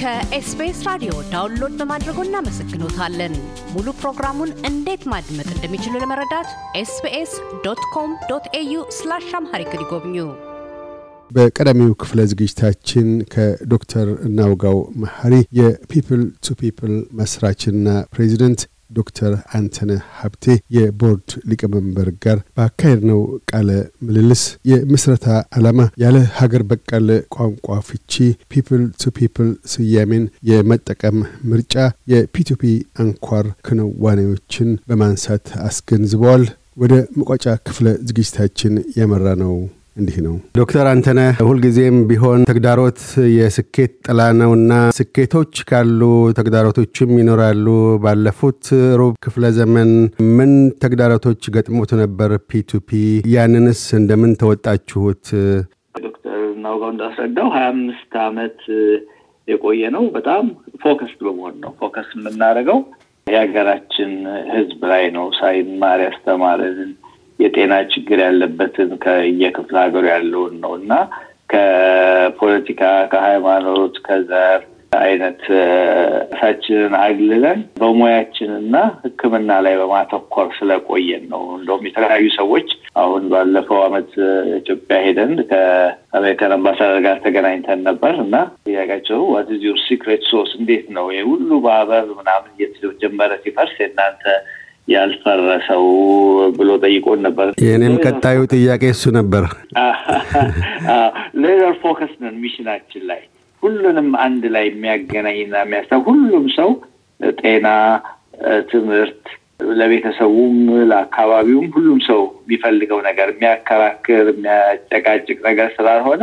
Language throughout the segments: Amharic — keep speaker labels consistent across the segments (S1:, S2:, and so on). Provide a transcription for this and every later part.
S1: ከኤስቢኤስ ራዲዮ ዳውንሎድ በማድረጎ እናመሰግኖታለን። ሙሉ ፕሮግራሙን እንዴት ማድመጥ እንደሚችሉ ለመረዳት ኤስቢኤስ ዶት ኮም ዶት ኤዩ ስላሽ አምሃሪክ ይጎብኙ።
S2: በቀዳሚው ክፍለ ዝግጅታችን ከዶክተር እናውጋው መሐሪ የፒፕል ቱ ፒፕል መስራችና ፕሬዚደንት ዶክተር አንተነ ሀብቴ የቦርድ ሊቀመንበር ጋር ነው ቃለ ምልልስ የምስረታ ዓላማ ያለ ሀገር በቀል ቋንቋ ፍቺ ፒፕል ቱ ፒፕል ስያሜን የመጠቀም ምርጫ የፒቱፒ አንኳር ክንዋኔዎችን በማንሳት አስገንዝበዋል። ወደ መቋጫ ክፍለ ዝግጅታችን ያመራ ነው። እንዲህ ነው። ዶክተር አንተነህ ሁልጊዜም ቢሆን ተግዳሮት የስኬት ጥላ ነውና ስኬቶች ካሉ ተግዳሮቶችም ይኖራሉ። ባለፉት ሩብ ክፍለ ዘመን ምን ተግዳሮቶች ገጥሞት ነበር ፒቱፒ? ያንንስ እንደምን ተወጣችሁት?
S3: ዶክተር ናውጋው እንዳስረዳው ሀያ አምስት አመት የቆየ ነው። በጣም ፎከስድ በመሆን ነው። ፎከስ የምናደርገው የሀገራችን ህዝብ ላይ ነው። ሳይማር ያስተማረን የጤና ችግር ያለበትን ከየክፍለ ሀገሩ ያለውን ነው እና ከፖለቲካ፣ ከሃይማኖት፣ ከዘር አይነት ራሳችንን አግልለን በሙያችንና ሕክምና ላይ በማተኮር ስለቆየን ነው። እንደውም የተለያዩ ሰዎች አሁን ባለፈው ዓመት ኢትዮጵያ ሄደን ከአሜሪካን አምባሳደር ጋር ተገናኝተን ነበር እና ጥያቄያቸው ዋት ሲክሬት ሶስ እንዴት ነው ይህ ሁሉ ማህበር ምናምን እየተጀመረ ሲፈርስ የእናንተ ያልፈረሰው ብሎ ጠይቆን ነበር። የእኔም ቀጣዩ
S2: ጥያቄ እሱ ነበር።
S3: ሌዘር ፎከስ ነን ሚሽናችን ላይ ሁሉንም አንድ ላይ የሚያገናኝና የሚያስታ ሁሉም ሰው ጤና፣ ትምህርት ለቤተሰቡም ለአካባቢውም ሁሉም ሰው የሚፈልገው ነገር የሚያከራክር የሚያጨቃጭቅ ነገር ስላልሆነ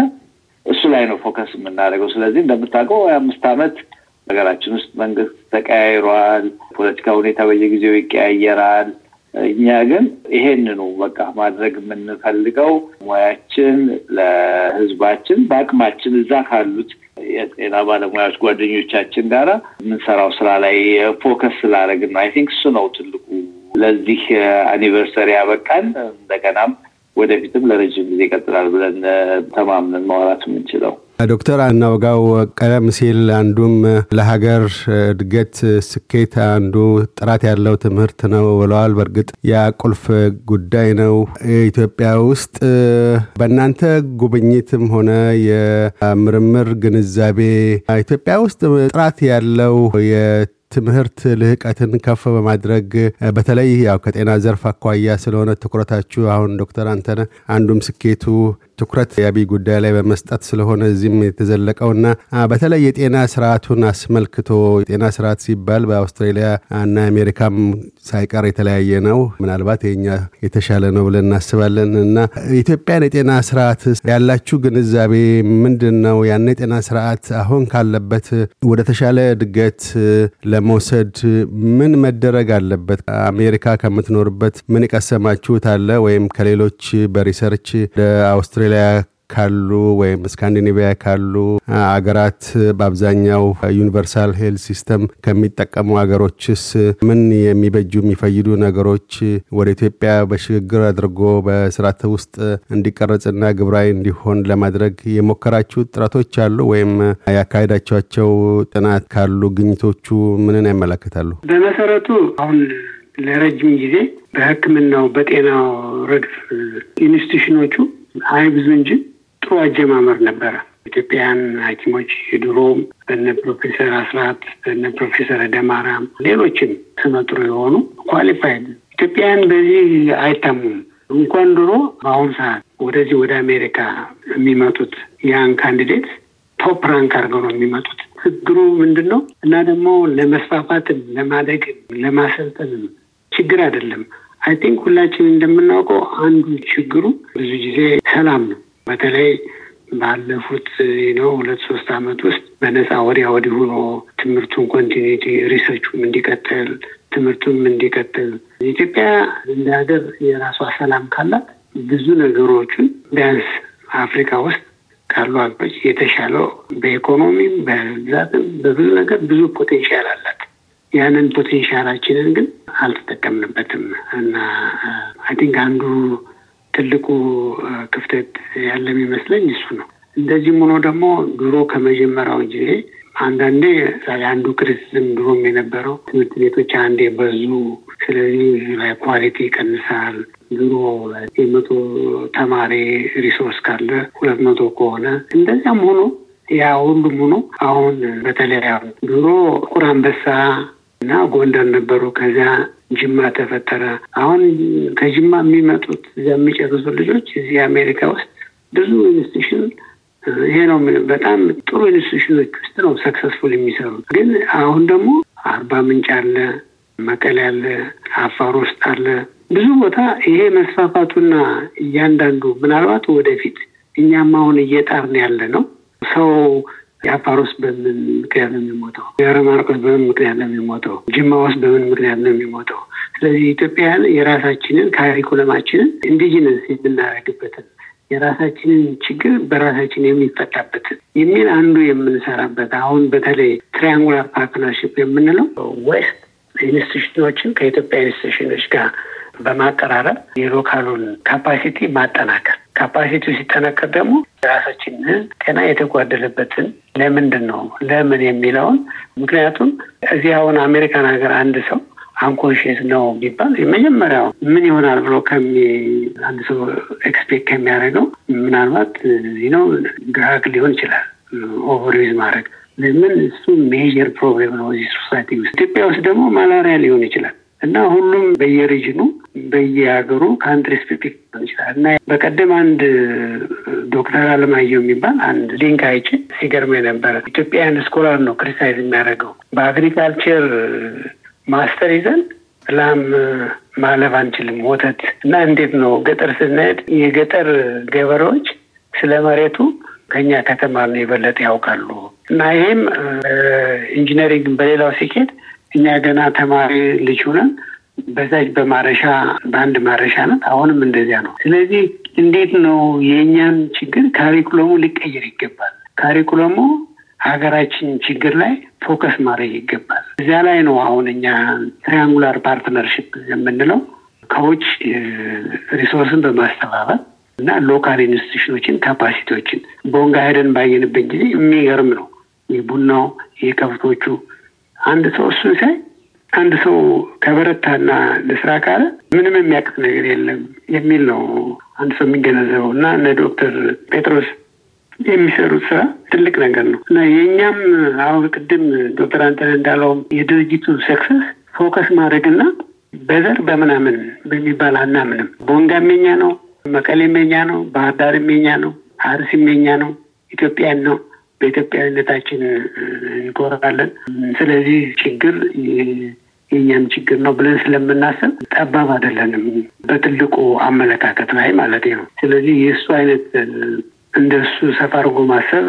S3: እሱ ላይ ነው ፎከስ የምናደርገው። ስለዚህ እንደምታውቀው አምስት አመት። ሀገራችን ውስጥ መንግስት ተቀያይሯል። ፖለቲካ ሁኔታ በየጊዜው ይቀያየራል። እኛ ግን ይሄንኑ በቃ ማድረግ የምንፈልገው ሙያችን ለህዝባችን በአቅማችን እዛ ካሉት የጤና ባለሙያዎች ጓደኞቻችን ጋራ የምንሰራው ስራ ላይ ፎከስ ስላደረግ ነው። አይ ቲንክ እሱ ነው ትልቁ ለዚህ አኒቨርሰሪ ያበቃን። እንደገናም ወደፊትም ለረጅም ጊዜ ይቀጥላል ብለን ተማምነን ማውራት የምንችለው
S2: ዶክተር አናውጋው ቀደም ሲል አንዱም ለሀገር እድገት ስኬት አንዱ ጥራት ያለው ትምህርት ነው ብለዋል። በእርግጥ የቁልፍ ጉዳይ ነው። ኢትዮጵያ ውስጥ በእናንተ ጉብኝትም ሆነ የምርምር ግንዛቤ ኢትዮጵያ ውስጥ ጥራት ያለው የ ትምህርት ልህቀትን ከፍ በማድረግ በተለይ ያው ከጤና ዘርፍ አኳያ ስለሆነ ትኩረታችሁ አሁን ዶክተር አንተነ አንዱም ስኬቱ ትኩረት የአብይ ጉዳይ ላይ በመስጠት ስለሆነ እዚህም የተዘለቀውና በተለይ የጤና ስርዓቱን አስመልክቶ የጤና ስርዓት ሲባል በአውስትራሊያ እና አሜሪካም ሳይቀር የተለያየ ነው። ምናልባት የኛ የተሻለ ነው ብለን እናስባለን እና ኢትዮጵያን የጤና ስርዓት ያላችሁ ግንዛቤ ምንድን ነው? ያን የጤና ስርዓት አሁን ካለበት ወደ ተሻለ እድገት ለመውሰድ ምን መደረግ አለበት? አሜሪካ ከምትኖርበት ምን የቀሰማችሁት አለ ወይም ከሌሎች በሪሰርች ወደ አውስትራሊያ ካሉ ወይም ስካንዲኔቪያ ካሉ አገራት በአብዛኛው ዩኒቨርሳል ሄል ሲስተም ከሚጠቀሙ አገሮችስ ምን የሚበጁ የሚፈይዱ ነገሮች ወደ ኢትዮጵያ በሽግግር አድርጎ በስርዓት ውስጥ እንዲቀረጽና ግብራዊ እንዲሆን ለማድረግ የሞከራችሁ ጥረቶች አሉ ወይም ያካሄዳቸቸው ጥናት ካሉ ግኝቶቹ ምንን ያመለክታሉ?
S1: በመሰረቱ አሁን ለረጅም ጊዜ በሕክምናው በጤናው ረድፍ ኢንስቲቱሽኖቹ አይ ብዙ እንጂ ጥሩ አጀማመር ነበረ። ኢትዮጵያውያን ሐኪሞች የድሮም በነ ፕሮፌሰር አስራት በነ ፕሮፌሰር ደማራም ሌሎችም ስመጥሩ የሆኑ ኳሊፋይድ ኢትዮጵያውያን በዚህ አይታሙም። እንኳን ድሮ በአሁኑ ሰዓት ወደዚህ ወደ አሜሪካ የሚመጡት ያን ካንዲዴት ቶፕ ራንክ አድርገው ነው የሚመጡት። ችግሩ ምንድን ነው? እና ደግሞ ለመስፋፋትም ለማደግም ለማሰልጠንም ችግር አይደለም። አይ ቲንክ ሁላችን እንደምናውቀው አንዱ ችግሩ ብዙ ጊዜ ሰላም ነው። በተለይ ባለፉት ነው ሁለት ሶስት አመት ውስጥ በነፃ ወዲያ ወዲህ ሆኖ ትምህርቱን ኮንቲኒቲ ሪሰርቹም እንዲቀጥል ትምህርቱም እንዲቀጥል ኢትዮጵያ እንደ ሀገር የራሷ ሰላም ካላት ብዙ ነገሮችን ቢያንስ አፍሪካ ውስጥ ካሉ ሀገሮች የተሻለው በኢኮኖሚም በብዛትም በብዙ ነገር ብዙ ፖቴንሻል አላት። ያንን ፖቴንሻላችንን ግን አልተጠቀምንበትም እና አይ uh, ቲንክ አንዱ ትልቁ ክፍተት ያለ የሚመስለኝ እሱ ነው። እንደዚህም ሆኖ ደግሞ ድሮ ከመጀመሪያው ጊዜ አንዳንዴ አንዱ ክሪቲሲዝም ድሮም የነበረው ትምህርት ቤቶች አንዴ በዙ፣ ስለዚህ ኳሊቲ ይቀንሳል። ድሮ የመቶ ተማሪ ሪሶርስ ካለ ሁለት መቶ ከሆነ እንደዚያም ሆኖ ያ ሁሉም ሆኖ አሁን በተለይ ድሮ ጥቁር እና ጎንደር ነበሩ። ከዚያ ጅማ ተፈጠረ። አሁን ከጅማ የሚመጡት የሚጨርሱ ልጆች እዚህ አሜሪካ ውስጥ ብዙ ኢንስቲቱሽን ይሄ ነው በጣም ጥሩ ኢንስቲቱሽኖች ውስጥ ነው ሰክሰስፉል የሚሰሩ። ግን አሁን ደግሞ አርባ ምንጭ አለ፣ መቀሌ አለ፣ አፋር ውስጥ አለ። ብዙ ቦታ ይሄ መስፋፋቱና እያንዳንዱ ምናልባት ወደፊት እኛም አሁን እየጣርን ያለ ነው ሰው የአፋሮስ በምን ምክንያት ነው የሚሞተው? ደብረ በምን ምክንያት ነው የሚሞተው? ጅማ ውስጥ በምን ምክንያት ነው የሚሞተው? ስለዚህ ኢትዮጵያን የራሳችንን ካሪኩለማችንን ኢንዲጂነስ የምናደርግበትን የራሳችንን ችግር በራሳችን የሚፈታበትን የሚል አንዱ የምንሰራበት አሁን በተለይ ትሪያንጉላር ፓርትነርሽፕ የምንለው ዌስት ኢንስቲቱሽኖችን ከኢትዮጵያ ኢንስቲቱሽኖች ጋር በማቀራረብ የሎካሉን ካፓሲቲ ማጠናከር ካፓሲቲው ሲጠነከር ደግሞ የራሳችን ጤና የተጓደለበትን ለምንድን ነው ለምን የሚለውን ምክንያቱም እዚህ አሁን አሜሪካን ሀገር አንድ ሰው አንኮንሽስ ነው ቢባል የመጀመሪያው ምን ይሆናል ብሎ አንድ ሰው ኤክስፔክት ከሚያደርገው ምናልባት ነው ግራግ ሊሆን ይችላል ኦቨርዩዝ ማድረግ ለምን እሱ ሜጀር ፕሮብሌም ነው እዚህ ሶሳይቲ ውስጥ። ኢትዮጵያ ውስጥ ደግሞ ማላሪያ ሊሆን ይችላል እና ሁሉም በየሪጅኑ በየሀገሩ ካንትሪ ስፔሲፊክ ይችላል እና በቀደም አንድ ዶክተር አለማየሁ የሚባል አንድ ሊንክ አይቼ ሲገርመኝ ነበረ። ኢትዮጵያን ስኮላር ነው ክሪቲሳይዝ የሚያደርገው በአግሪካልቸር ማስተር ይዘን ላም ማለፍ አንችልም ወተት እና እንዴት ነው ገጠር ስናሄድ የገጠር ገበሬዎች ስለ መሬቱ ከኛ ከተማ ነው የበለጠ ያውቃሉ እና ይህም ኢንጂነሪንግ በሌላው ሲኬድ እኛ ገና ተማሪ ልጅ ሆነን በዛች በማረሻ በአንድ ማረሻ ናት። አሁንም እንደዚያ ነው። ስለዚህ እንዴት ነው የእኛን ችግር ካሪኩለሙ ሊቀየር ይገባል። ካሪኩለሙ ሀገራችን ችግር ላይ ፎከስ ማድረግ ይገባል። እዚያ ላይ ነው አሁን እኛ ትሪያንጉላር ፓርትነርሽፕ የምንለው ከውጭ ሪሶርስን በማስተባበል እና ሎካል ኢንስቲቱሽኖችን ካፓሲቲዎችን ቦንጋ ሄደን ባየንበት ጊዜ የሚገርም ነው። የቡናው የከብቶቹ አንድ ሰው እሱን ሲያይ አንድ ሰው ከበረታና ለስራ ካለ ምንም የሚያቅት ነገር የለም የሚል ነው አንድ ሰው የሚገነዘበው እና እነ ዶክተር ጴጥሮስ የሚሰሩት ስራ ትልቅ ነገር ነው እና የእኛም አሁን ቅድም ዶክተር አንተነ እንዳለውም የድርጅቱ ሰክሰስ ፎከስ ማድረግና በዘር በምናምን በሚባል አናምንም። ቦንጋ የኛ ነው፣ መቀሌ የኛ ነው፣ ባህርዳር ዳርም ነው፣ አርሲም የኛ ነው፣ ኢትዮጵያን ነው በኢትዮጵያዊነታችን እንኮራለን። ስለዚህ ችግር የእኛም ችግር ነው ብለን ስለምናስብ ጠባብ አይደለንም፣ በትልቁ አመለካከት ላይ ማለት ነው። ስለዚህ የእሱ አይነት እንደሱ ሰፋ አድርጎ ማሰብ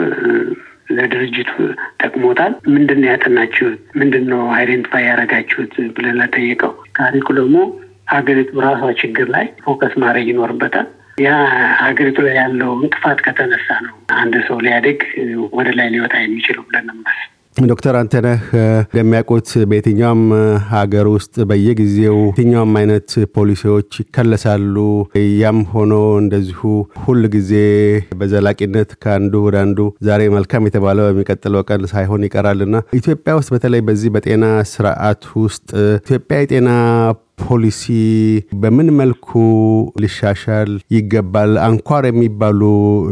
S1: ለድርጅቱ ጠቅሞታል። ምንድን ነው ያጠናችሁት? ምንድን ነው አይደንቲፋይ ያደረጋችሁት ብለን ለጠየቀው ካሪኩለሙ ሀገሪቱ ራሷ ችግር ላይ ፎከስ ማድረግ ይኖርበታል። ያ ሀገሪቱ ላይ ያለው እንቅፋት ከተነሳ ነው አንድ ሰው ሊያድግ ወደ ላይ ሊወጣ የሚችለው ብለን ማስብ
S2: ዶክተር አንተነህ እንደሚያውቁት በየትኛውም ሀገር ውስጥ በየጊዜው የትኛውም አይነት ፖሊሲዎች ይከለሳሉ። ያም ሆኖ እንደዚሁ ሁል ጊዜ በዘላቂነት ከአንዱ ወደ አንዱ ዛሬ መልካም የተባለው በሚቀጥለው ቀን ሳይሆን ይቀራልና ኢትዮጵያ ውስጥ በተለይ በዚህ በጤና ስርዓት ውስጥ ኢትዮጵያ የጤና ፖሊሲ በምን መልኩ ሊሻሻል ይገባል? አንኳር የሚባሉ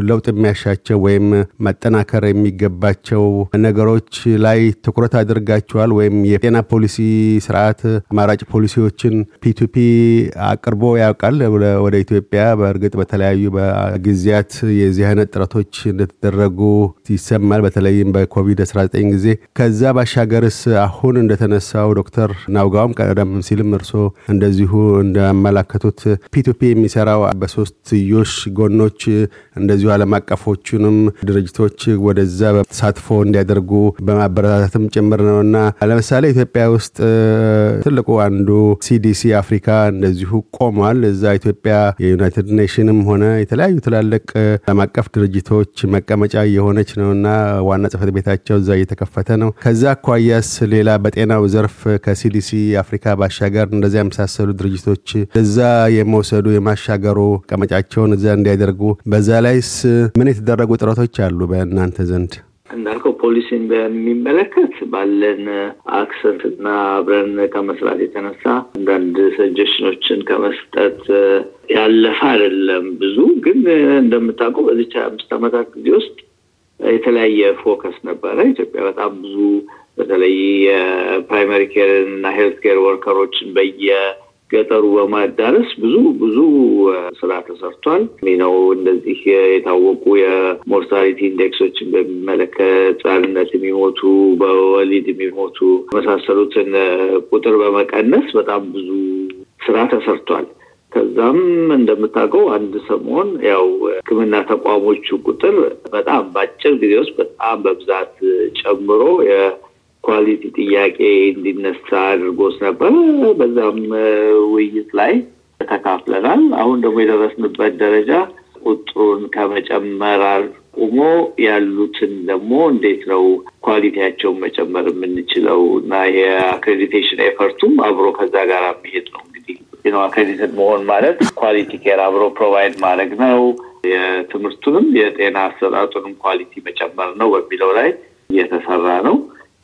S2: ለውጥ የሚያሻቸው ወይም መጠናከር የሚገባቸው ነገሮች ላይ ትኩረት አድርጋችኋል? ወይም የጤና ፖሊሲ ስርዓት አማራጭ ፖሊሲዎችን ፒቱፒ አቅርቦ ያውቃል ወደ ኢትዮጵያ? በእርግጥ በተለያዩ ጊዜያት የዚህ አይነት ጥረቶች እንደተደረጉ ይሰማል፣ በተለይም በኮቪድ-19 ጊዜ። ከዛ ባሻገርስ አሁን እንደተነሳው ዶክተር ናውጋውም ቀደም ሲልም እርሶ እንደዚሁ እንዳመላከቱት ፒቱፒ የሚሰራው በሶስትዮሽ ጎኖች እንደዚሁ አለም አቀፎቹንም ድርጅቶች ወደዛ ተሳትፎ እንዲያደርጉ በማበረታታትም ጭምር እና ለምሳሌ ኢትዮጵያ ውስጥ ትልቁ አንዱ ሲዲሲ አፍሪካ እንደዚሁ ቆሟል። እዛ ኢትዮጵያ የዩናይትድ ኔሽንም ሆነ የተለያዩ ትላልቅ ዓለም አቀፍ ድርጅቶች መቀመጫ የሆነች ነውና ዋና ጽህፈት ቤታቸው እዛ እየተከፈተ ነው። ከዛ አኳያስ ሌላ በጤናው ዘርፍ ከሲዲሲ አፍሪካ ባሻገር እንደዚ የመሳሰሉ ድርጅቶች እዛ የመውሰዱ የማሻገሩ ቀመጫቸውን እዛ እንዲያደርጉ፣ በዛ ላይስ ምን የተደረጉ ጥረቶች አሉ በእናንተ ዘንድ?
S3: እንዳልከው ፖሊሲን በሚመለከት ባለን አክሰንት እና አብረን ከመስራት የተነሳ አንዳንድ ሰጀሽኖችን ከመስጠት ያለፈ አይደለም። ብዙ ግን እንደምታውቀው በዚች አምስት አመታት ጊዜ ውስጥ የተለያየ ፎከስ ነበረ። ኢትዮጵያ በጣም ብዙ በተለይ የፕራይመሪ ኬር እና ሄልት ኬር ወርከሮችን በየገጠሩ በማዳረስ ብዙ ብዙ ስራ ተሰርቷል ነው። እንደዚህ የታወቁ የሞርታሊቲ ኢንዴክሶችን በሚመለከት ጻልነት የሚሞቱ በወሊድ የሚሞቱ የመሳሰሉትን ቁጥር በመቀነስ በጣም ብዙ ስራ ተሰርቷል። ከዛም እንደምታውቀው አንድ ሰሞን ያው ሕክምና ተቋሞቹ ቁጥር በጣም በአጭር ጊዜ ውስጥ በጣም በብዛት ጨምሮ ኳሊቲ ጥያቄ እንዲነሳ አድርጎስ ነበር። በዛም ውይይት ላይ ተካፍለናል። አሁን ደግሞ የደረስንበት ደረጃ ቁጥሩን ከመጨመር አቁሞ ያሉትን ደግሞ እንዴት ነው ኳሊቲያቸውን መጨመር የምንችለው እና የአክሬዲቴሽን ኤፈርቱም አብሮ ከዛ ጋር መሄድ ነው። እንግዲህ አክሬዲትድ መሆን ማለት ኳሊቲ ኬር አብሮ ፕሮቫይድ ማድረግ ነው። የትምህርቱንም የጤና አሰጣጡንም ኳሊቲ መጨመር ነው በሚለው ላይ እየተሰራ ነው።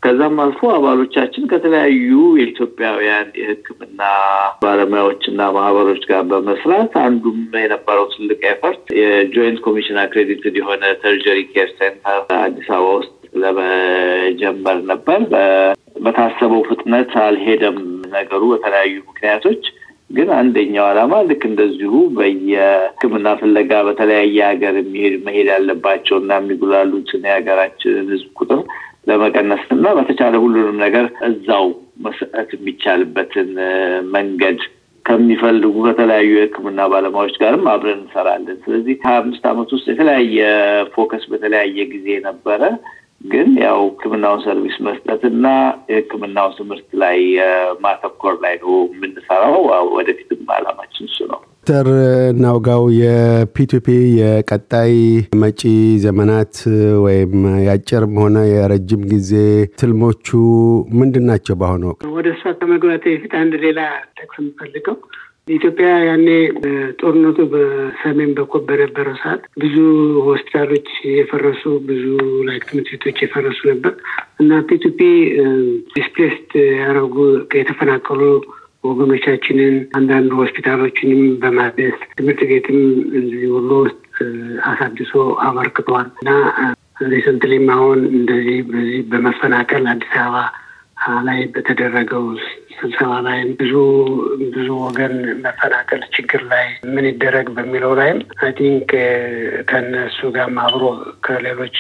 S3: ከዛም አልፎ አባሎቻችን ከተለያዩ የኢትዮጵያውያን የሕክምና ባለሙያዎችና ማህበሮች ጋር በመስራት አንዱም የነበረው ትልቅ ኤፈርት የጆይንት ኮሚሽን አክሬዲትድ የሆነ ተርጀሪ ኬር ሴንተር አዲስ አበባ ውስጥ ለመጀመር ነበር። በታሰበው ፍጥነት አልሄደም ነገሩ በተለያዩ ምክንያቶች። ግን አንደኛው ዓላማ ልክ እንደዚሁ በየህክምና ፍለጋ በተለያየ ሀገር መሄድ ያለባቸው እና የሚጉላሉትን የሀገራችንን ህዝብ ቁጥር ለመቀነስ እና በተቻለ ሁሉንም ነገር እዛው መስጠት የሚቻልበትን መንገድ ከሚፈልጉ ከተለያዩ የሕክምና ባለሙያዎች ጋርም አብረን እንሰራለን። ስለዚህ ከሀያ አምስት ዓመት ውስጥ የተለያየ ፎከስ በተለያየ ጊዜ ነበረ። ግን ያው ሕክምናውን ሰርቪስ መስጠት ና የሕክምናው ትምህርት ላይ
S2: ማተኮር ላይ ነው የምንሰራው። ወደፊትም አላማችን እሱ ነው። ዶክተር ናውጋው የፒቱፒ የቀጣይ መጪ ዘመናት ወይም የአጭርም ሆነ የረጅም ጊዜ ትልሞቹ ምንድን ናቸው? በአሁኑ ወቅት
S1: ወደ እሷ ከመግባት የፊት አንድ ሌላ ጠቅስ የምፈልገው ኢትዮጵያ ያኔ ጦርነቱ በሰሜን በኩል በነበረው ሰዓት ብዙ ሆስፒታሎች የፈረሱ ብዙ ላይ ትምህርት ቤቶች የፈረሱ ነበር እና ፒቱፒ ዲስፕሌስድ ያደረጉ የተፈናቀሉ ወገኖቻችንን አንዳንድ ሆስፒታሎችንም በማደስ ትምህርት ቤትም እዚህ ሁሉ ውስጥ አሳድሶ አበርክቷል እና ሪሰንትሊም አሁን እንደዚህ በዚህ በመፈናቀል አዲስ አበባ ላይ በተደረገው ስብሰባ ላይ ብዙ ብዙ ወገን መፈናቀል ችግር ላይ ምን ይደረግ በሚለው ላይም አይ ቲንክ ከነሱ ጋር አብሮ ከሌሎች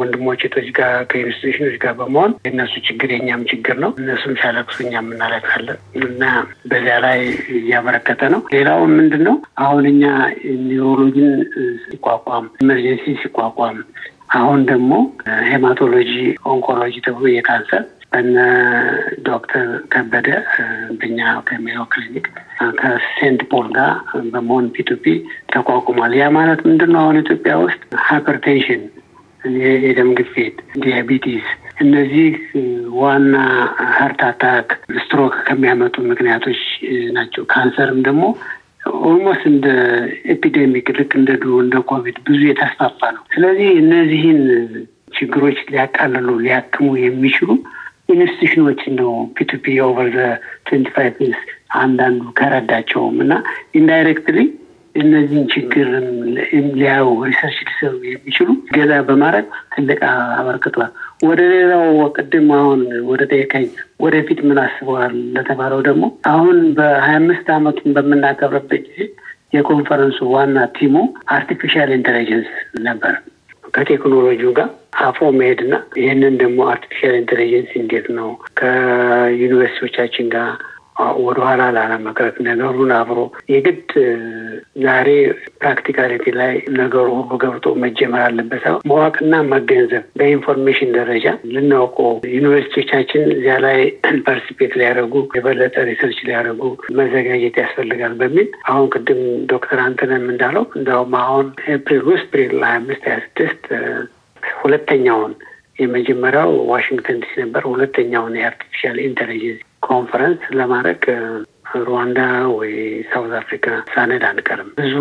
S1: ወንድሞች ቶች ጋር ከኢንስቲቱሽኖች ጋር በመሆን የእነሱ ችግር የኛም ችግር ነው፣ እነሱም ሲያለቅሱ እኛም እናለቅሳለን እና በዚያ ላይ እያበረከተ ነው። ሌላው ምንድን ነው አሁን እኛ ኒውሮሎጂን ሲቋቋም ኢመርጀንሲ ሲቋቋም አሁን ደግሞ ሄማቶሎጂ ኦንኮሎጂ ተብሎ የካንሰር እነ ዶክተር ከበደ በኛ ከሜዮ ክሊኒክ ከሴንት ፖል ጋር በመሆን ፒቱፒ ተቋቁሟል። ያ ማለት ምንድን ነው? አሁን ኢትዮጵያ ውስጥ ሃይፐርቴንሽን፣ የደም ግፊት፣ ዲያቢቲስ እነዚህ ዋና ሀርት አታክ፣ ስትሮክ ከሚያመጡ ምክንያቶች ናቸው። ካንሰርም ደግሞ ኦልሞስት እንደ ኤፒዴሚክ ልክ እንደ ድሮ እንደ ኮቪድ ብዙ የተስፋፋ ነው። ስለዚህ እነዚህን ችግሮች ሊያቃልሉ ሊያክሙ የሚችሉ ኢንስቲቱሽኖችን ነው ፒቱፒ ኦቨር ዘ ትንቲ ፋይቭ አንዳንዱ ከረዳቸውም እና ኢንዳይሬክትሊ እነዚህን ችግር ሊያዩ ሪሰርች ሊሰሩ የሚችሉ ገዛ በማድረግ ትልቅ አበርክቷል። ወደ ሌላው ቅድም አሁን ወደ ጠየቀኝ ወደፊት ምን አስበዋል ለተባለው ደግሞ አሁን በሀያ አምስት አመቱን በምናከብረበት ጊዜ የኮንፈረንሱ ዋና ቲሙ አርቲፊሻል ኢንቴሊጀንስ ነበር። ከቴክኖሎጂው ጋር አፎ መሄድና ይህንን ደግሞ አርቲፊሻል ኢንቴሊጀንስ እንዴት ነው ከዩኒቨርሲቲዎቻችን ጋር ወደኋላ ላለመቅረት ነገሩን አብሮ የግድ ዛሬ ፕራክቲካሊቲ ላይ ነገሩ ሁሉ ገብቶ መጀመር አለበት። መዋቅና መገንዘብ በኢንፎርሜሽን ደረጃ ልናውቀው ዩኒቨርሲቲዎቻችን እዚያ ላይ ፓርቲስፔት ሊያደርጉ የበለጠ ሪሰርች ሊያደርጉ መዘጋጀት ያስፈልጋል በሚል አሁን ቅድም ዶክተር አንተነም እንዳለው እንዲሁም አሁን ኤፕሪል ውስጥ ኤፕሪል ሀያ አምስት ሀያ ስድስት ሁለተኛውን የመጀመሪያው ዋሽንግተን ዲሲ ነበር። ሁለተኛውን የአርቲፊሻል ኢንቴሊጀንስ ኮንፈረንስ ለማድረግ ሩዋንዳ ወይ ሳውዝ አፍሪካ ሳነድ አንቀርም። ብዙ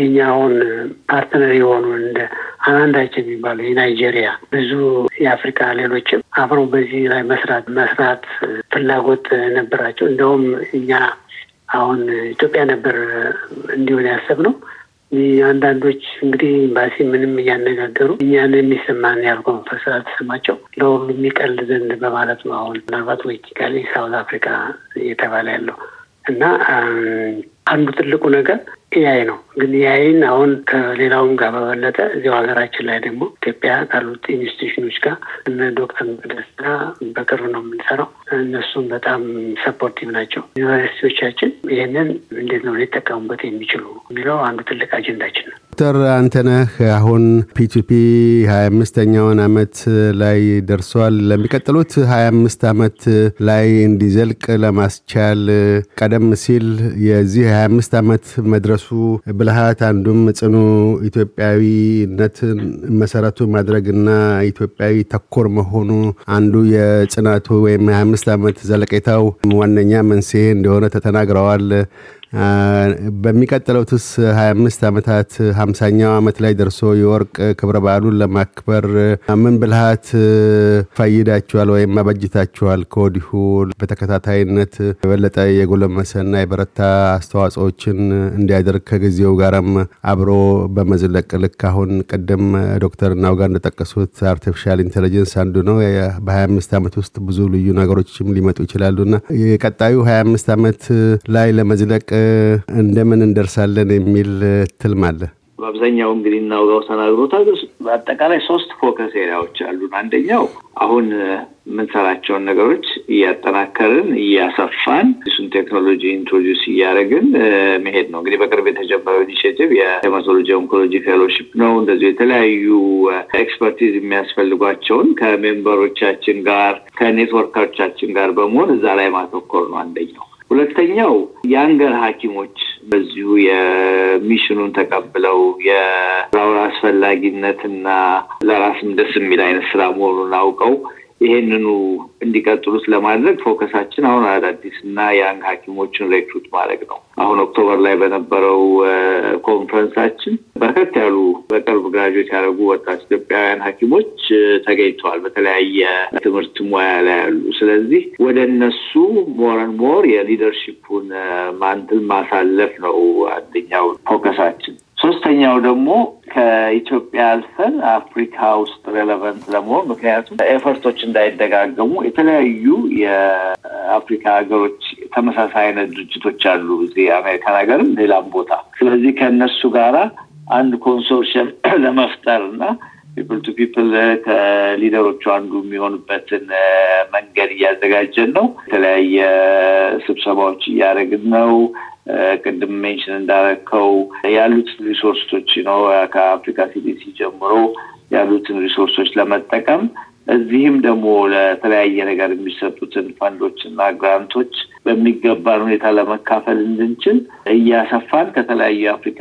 S1: የኛ አሁን ፓርትነር የሆኑ እንደ አናንዳች የሚባለው የናይጄሪያ ብዙ የአፍሪካ ሌሎችም አብረው በዚህ ላይ መስራት መስራት ፍላጎት ነበራቸው። እንደውም እኛ አሁን ኢትዮጵያ ነበር እንዲሆን ያሰብነው አንዳንዶች እንግዲህ ኤምባሲ ምንም እያነጋገሩ እኛን የሚሰማን ያልኩ ፈስራት ተሰማቸው ለሁሉ የሚቀል ዘንድ በማለት ነው። አሁን ምናልባት ወይ ኪጋሊ ሳውዝ አፍሪካ እየተባለ ያለው እና አንዱ ትልቁ ነገር ኤአይ ነው። ግን ኤአይን አሁን ከሌላውም ጋር በበለጠ እዚያው ሀገራችን ላይ ደግሞ ኢትዮጵያ ካሉት ኢንስቲቱሽኖች ጋር እነ ዶክተር መቅደስ በቅርብ ነው የምንሰራው። እነሱም በጣም ሰፖርቲቭ ናቸው። ዩኒቨርሲቲዎቻችን ይህንን እንዴት ነው ሊጠቀሙበት የሚችሉ የሚለው አንዱ ትልቅ አጀንዳችን ነው።
S2: ዶክተር አንተነህ አሁን ፒቱፒ ሀያ አምስተኛውን አመት ላይ ደርሷል። ለሚቀጥሉት ሀያ አምስት አመት ላይ እንዲዘልቅ ለማስቻል ቀደም ሲል የዚህ የ ዓመት መድረሱ ብልሃት አንዱም ጽኑ ኢትዮጵያዊነትን መሰረቱ ማድረግና ኢትዮጵያዊ ተኮር መሆኑ አንዱ የጽናቱ ወይም 25 ዓመት ዘለቄታው ዋነኛ መንስኤ እንደሆነ ተተናግረዋል። በሚቀጥለው ትስ 25 ዓመታት 50ኛው ዓመት ላይ ደርሶ የወርቅ ክብረ በዓሉን ለማክበር ምን ብልሃት ፈይዳችኋል ወይም አበጅታችኋል? ከወዲሁ በተከታታይነት የበለጠ የጎለመሰና የበረታ አስተዋጽኦችን እንዲያደርግ ከጊዜው ጋርም አብሮ በመዝለቅ ልክ አሁን ቅድም ዶክተር ናውጋ እንደጠቀሱት አርቲፊሻል ኢንቴሊጀንስ አንዱ ነው። በ25 ዓመት ውስጥ ብዙ ልዩ ነገሮችም ሊመጡ ይችላሉና የቀጣዩ 25 ዓመት ላይ ለመዝለቅ እንደምን እንደርሳለን የሚል ትልም አለ።
S3: በአብዛኛው እንግዲህ እናውጋው ተናግሮታል። በአጠቃላይ ሶስት ፎከስ ኤሪያዎች አሉን። አንደኛው አሁን የምንሰራቸውን ነገሮች እያጠናከርን እያሰፋን እሱን ቴክኖሎጂ ኢንትሮዲውስ እያደረግን መሄድ ነው። እንግዲህ በቅርብ የተጀመረው ኢኒሽቲቭ የሄማቶሎጂ ኦንኮሎጂ ፌሎሺፕ ነው። እንደዚሁ የተለያዩ ኤክስፐርቲዝ የሚያስፈልጓቸውን ከሜምበሮቻችን ጋር ከኔትወርካዎቻችን ጋር በመሆን እዛ ላይ ማተኮር ነው አንደኛው። ሁለተኛው የአንገር ሐኪሞች በዚሁ የሚሽኑን ተቀብለው የስራውን አስፈላጊነትና ለራስም ደስ የሚል አይነት ስራ መሆኑን አውቀው ይሄንኑ እንዲቀጥሉት ለማድረግ ፎከሳችን አሁን አዳዲስ እና ያንግ ሐኪሞችን ሬክሩት ማድረግ ነው። አሁን ኦክቶበር ላይ በነበረው ኮንፈረንሳችን በርከት ያሉ በቅርብ ግራጆች ያደረጉ ወጣት ኢትዮጵያውያን ሐኪሞች ተገኝተዋል፣ በተለያየ ትምህርት ሙያ ላይ ያሉ። ስለዚህ ወደ እነሱ ሞረን ሞር የሊደርሽፑን ማንትል ማሳለፍ ነው አንደኛው ፎከሳችን። ሶስተኛው ደግሞ ከኢትዮጵያ አልፈን አፍሪካ ውስጥ ሬሌቨንት ለመሆን ምክንያቱም ኤፈርቶች እንዳይደጋገሙ የተለያዩ የአፍሪካ ሀገሮች ተመሳሳይ አይነት ድርጅቶች አሉ እዚህ አሜሪካን ሀገርም ሌላም ቦታ። ስለዚህ ከእነሱ ጋራ አንድ ኮንሶርሽም ለመፍጠር እና ፒፕል ቱ ፒፕል ከሊደሮቹ አንዱ የሚሆንበትን መንገድ እያዘጋጀን ነው። የተለያየ ስብሰባዎች እያደረግን ነው። ቅድም ሜንሽን እንዳረከው ያሉትን ሪሶርሶች ነው ከአፍሪካ ሲዲሲ ጀምሮ ያሉትን ሪሶርሶች ለመጠቀም እዚህም ደግሞ ለተለያየ ነገር የሚሰጡትን ፈንዶች እና ግራንቶች በሚገባን ሁኔታ ለመካፈል እንድንችል እያሰፋን ከተለያዩ የአፍሪካ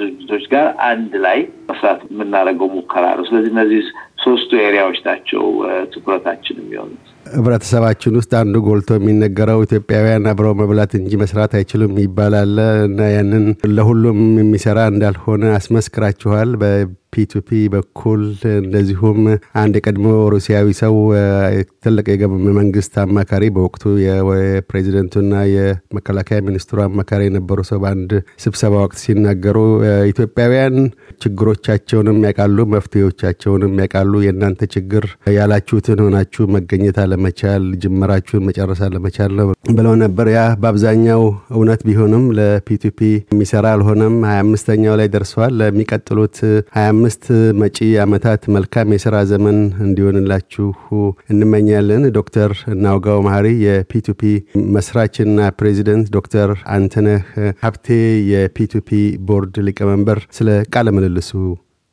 S3: ድርጅቶች ጋር አንድ ላይ መስራት የምናደርገው ሙከራ ነው። ስለዚህ እነዚህ
S2: ሶስቱ ኤሪያዎች ናቸው ትኩረታችን የሚሆኑት። ህብረተሰባችን ውስጥ አንዱ ጎልቶ የሚነገረው ኢትዮጵያውያን አብረው መብላት እንጂ መስራት አይችሉም ይባላል እና ያንን ለሁሉም የሚሰራ እንዳልሆነ አስመስክራችኋል። በፒቱፒ በኩል እንደዚሁም አንድ የቀድሞ ሩሲያዊ ሰው ትልቅ የገበመ መንግስት አማካሪ በወቅቱ የፕሬዚደንቱና የመከላከያ ሚኒስትሩ አማካሪ የነበሩ ሰው በአንድ ስብሰባ ወቅት ሲናገሩ ኢትዮጵያውያን ችግሮቻቸውንም ያውቃሉ፣ መፍትሄዎቻቸውንም ያውቃሉ ይችላሉ። የእናንተ ችግር ያላችሁትን ሆናችሁ መገኘት አለመቻል፣ ጅምራችሁን መጨረስ አለመቻል ነው ብለው ነበር። ያ በአብዛኛው እውነት ቢሆንም ለፒቱፒ የሚሰራ አልሆነም። ሀያ አምስተኛው ላይ ደርሰዋል። ለሚቀጥሉት ሀያ አምስት መጪ ዓመታት መልካም የስራ ዘመን እንዲሆንላችሁ እንመኛለን። ዶክተር እናውጋው መሀሪ የፒቱፒ መስራችና ፕሬዚደንት፣ ዶክተር አንተነህ ሀብቴ የፒቱፒ ቦርድ ሊቀመንበር ስለ ቃለ ምልልሱ